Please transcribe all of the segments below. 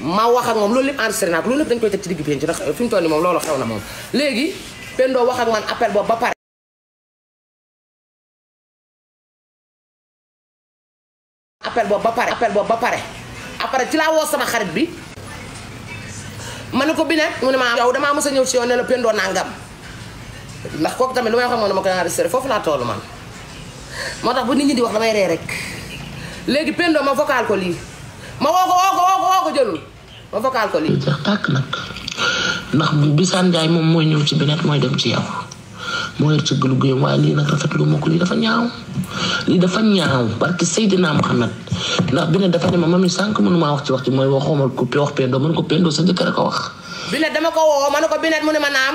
ma wax ak moom loolu lépp enregistré naa koy teg ci digg bi ci ndax euh, fi mu toll nii moom loolu xew na moom léegi Pendo wax ak man appel boobu ba pare appel boobu ba pare appel boobu ba pare après ci laa woo sama xarit bi ma ne ko bi ne mu ne ma yow damaa mës a ñëw si yow ne la Pendo ndax kooku tamit lu may wax ak moom dama koy enregistré foofu laa toll man moo tax bu nit ñi di wax damay ree rek léegi pendoo ma vocal ko lii ma woo ko woo ba vocal ko lii. jeex tàkk nag ndax Bisaan Njaay moom mooy ñëw ci beneen mooy dem ci yow moo yor ci gëlu guyam waaye lii nag rafetlu ma ko lii dafa ñaaw lii dafa ñaaw barke Seydina Muhammad ndax bi ne dafa ne ma mami sànq mënumaa wax ci wax ci mooy waxoo ma ko wax Pendo mën ko Pendo sa jëkkër a ko wax. bi dama ko woo ma ne ko bi ne mu ne ma naam.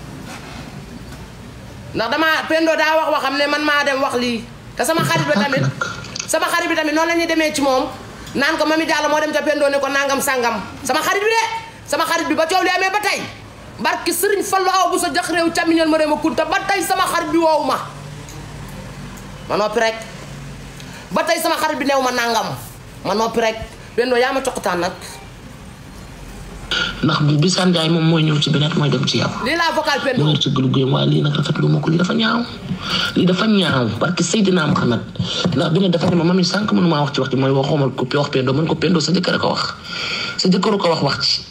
ndax damaa Pendo daa wax am ne man maa dem wax lii te sama xarit bi ah, tamit sama xarit bi tamit noonu la ñuy demee ci moom naan ko mami Diallo moo dem ca Pendo ne ko nangam sàngam sama xarit bi de sama xarit bi ba coow li amee ba tey barki Serigne Fallou aw bu sa jox réew camiñal ma réew ma ba tey sama xarit bi wow ma ma noppi rek ba tey sama xarit bi neew ma nangam ma noppi rek Pendo yaa ma coqtaan nag ndax Bisa Ndiaye moom mooy ñëw ci beneen mooy dem ci yow. lii laa vocal pen moom ci waaye lii nag rafetlu ma ko lii dafa ñaaw. lii dafa ñaaw parce que Seydina Mohamed ndax bi nga dafa ne ma mami sànq mënu wax ci wax ci mooy waxoo ma ko wax Pendo man ko Pendo sa jëkkër ko wax sa jëkkër ko wax wax ci.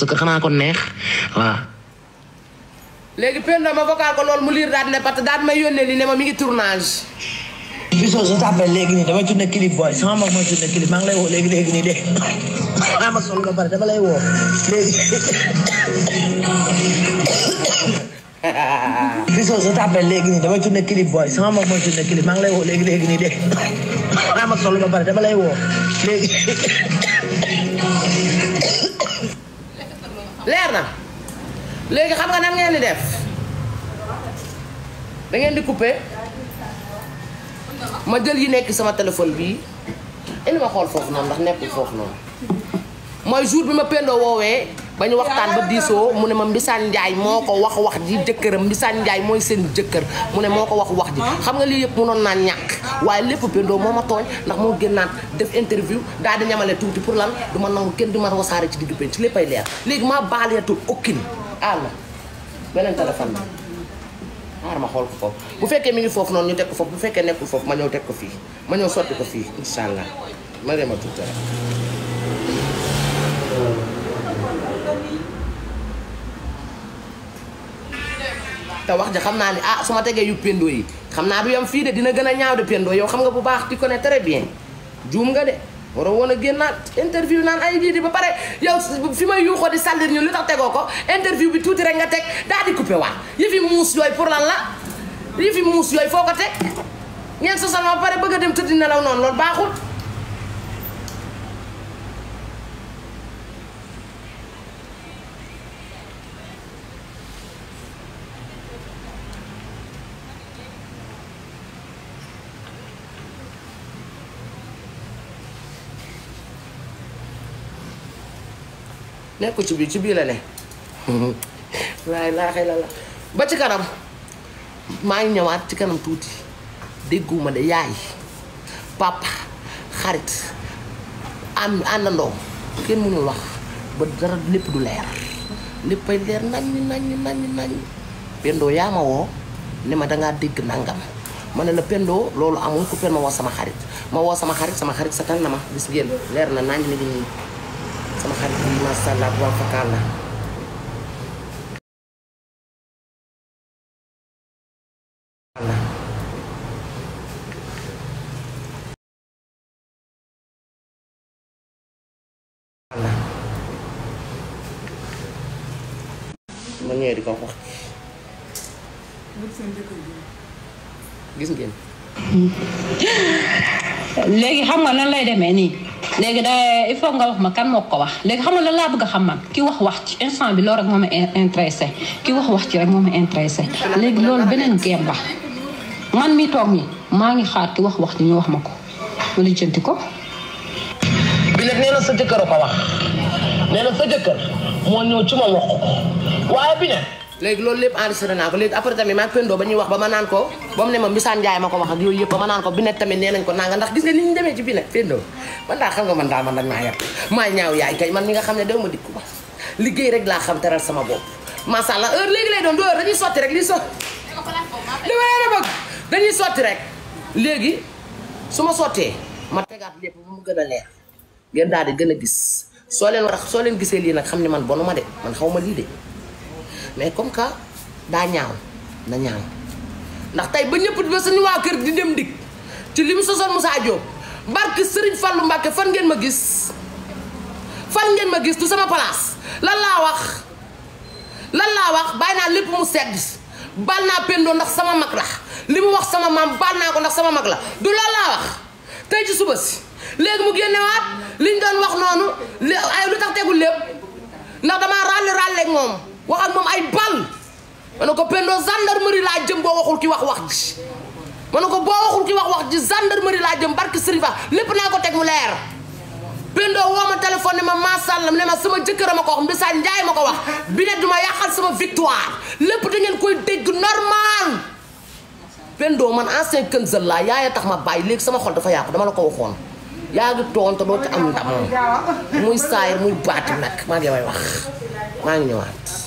sa kër xanaa ko neex waaw. léegi Penda ma vocal ko loolu mu liir daal ne parce que daal may yónnee li ne ma mi ngi tournage. Biso je t'appelle léegi nii dama tourné clip booy sama mag ma tourné clip woo léegi léegi nii de maa ma sol nga pare dama lay woo léegi. Biso je t'appelle léegi nii dama tourné clip ngi lay woo léegi léegi nii de maa ma sol nga pare dama lay woo leer na léegi xam nga nan ngeen di def dangeen di couper ma jël yi nekk sama téléphone bii indi ma xool foofu noonu ndax nekkul foofu noonu mooy jour bi ma pendoo woowee. ba ñu waxtaan ba diisoo mu ne ma Mbisaan Ndiaye moo ko wax wax ji jëkkëram Mbisaan Ndiaye mooy seen jëkkër mu ne moo ko wax wax ji xam nga lii yëpp mënoon naa ñàkk waaye lépp bindoo moo ma tooñ ndax moo gën naan def interview daal di ñamale tuuti pour lan du ma nangu kenn du ma wasaare ci digg penc ci léppay leer léegi maa baaleetul okkin àll beneen téléphone la xaar ma xool ko foofu bu fekkee mu ngi foofu noonu ñu teg ko foofu bu fekkee nekkul foofu ma ñëw teg ko fii ma ñëw sotti ko fii incha allah ma te wax ja xam naa ne ah su ma tegee yu pendo yi xam naa bu yam fii de dina gën a ñaaw de pendo yow xam nga bu baax ko ne très bien juum nga de waroo woon a génnaat interview naan ay lii di ba pare yow fi may yuuxoo di sàllir ñun lu tax tegoo ko interview bi tuuti rek nga teg daal di coupé waat yëfi muus yooyu pour lan la yëfi muus yooyu foo ko teg ngeen sosal ma ba pare bëgg a dem tëdd nelaw noonu loolu baaxul nekkul ci biir ci biir la ne waaye laa xëy la la ba ci kanam maa ngi ñëwaat ci kanam tuuti dégguma de yaay papa xarit am àndandoo kenn mënul wax ba dara lépp du leer léppay leer naññ naññ naññ naññ pendoo yaa ma woo ne ma dangaa dégg nangam ma ne la pendoo loolu amul ku pen ma woo sama xarit ma woo sama xarit sama xarit sa tal na ma gis ngeen leer na naññ ni ngi sama xarit bi macha allah bu wàllu la ma ñëwee di ko wax. gis léegi xam nga nan lay demee nii. léegi da il faut nga wax ma kan moo ko wax léegi xam nga lan laa bëgg a xam man ki wax wax ci instant bi loolu rek moom ma intéressé kii wax wax ci rek moo ma intéressé léegi loolu beneen géem man mi toog mi maa ngi xaar ki wax wax ci ñu wax ma ko ma lijjanti ko. bi nag sa jëkkër a ko wax nee sa jëkkër moo ñëw ci ma wax ko waaye bi ne léegi loolu lépp enregistré naa ko léegi après tamit maag Pendo ba ñuy wax ba ma naan ko ba mu ne ma Mbisaan Njaay ma ko wax ak yooyu yëpp ba ma naan ko binet tamit nee nañ ko nanga ndax nga ni ne dew ma dikku ba rek laa xam teral sama bopp macha allah heure léegi lay doon do heure dañuy sotti rek li sotti li ma rek léegi su ma sottee ma tegaat lépp mu gën a leer ngeen daal di gën a gis soo leen war soo leen gisee lii nag xam ne man bonu ma de man xaw ma lii de mais comme que daa ñaaw na ñaaw ndax tey ba ñëpp ba suñu waa kër di dem dikk ci li mu sosoon Moussa Diop barke Serigne Fallou Mbacke fan ngeen ma gis fan ngeen ma gis du sama place lan laa wax lan laa wax bàyyi naa lépp mu sedd baal naa pendoo ndax sama mag la li mu wax sama maam baal naa ko ndax sama mag la du lan laa wax tey ci suba si léegi mu génnewaat liñ doon wax noonu ay lu tax tegul lépp ndax damaa ràlli ràlleeg moom wax ak moom ay bal ma ne ko pendoo gendarmerie laa jëm boo waxul ki wax wax ji ma ne ko boo waxul ki wax wax ji gendarmerie laa jëm barki Serigne lépp naa ko teg mu leer pendoo woo ma téléphone ne ma masallam ne ma sama jëkkër a ma ko wax Mbisa Njaay ma ko wax bi ne duma yàqal sama victoire lépp da ngeen koy dégg normal pendoo man ancien kënsel laa yaaya tax ma bàyyi léegi sama xol dafa yàqu dama la ko waxoon yaa ngi tontu doo ci am ndam muy saayir muy baati nag maa ngi lay wax maa ngi ñëwaat.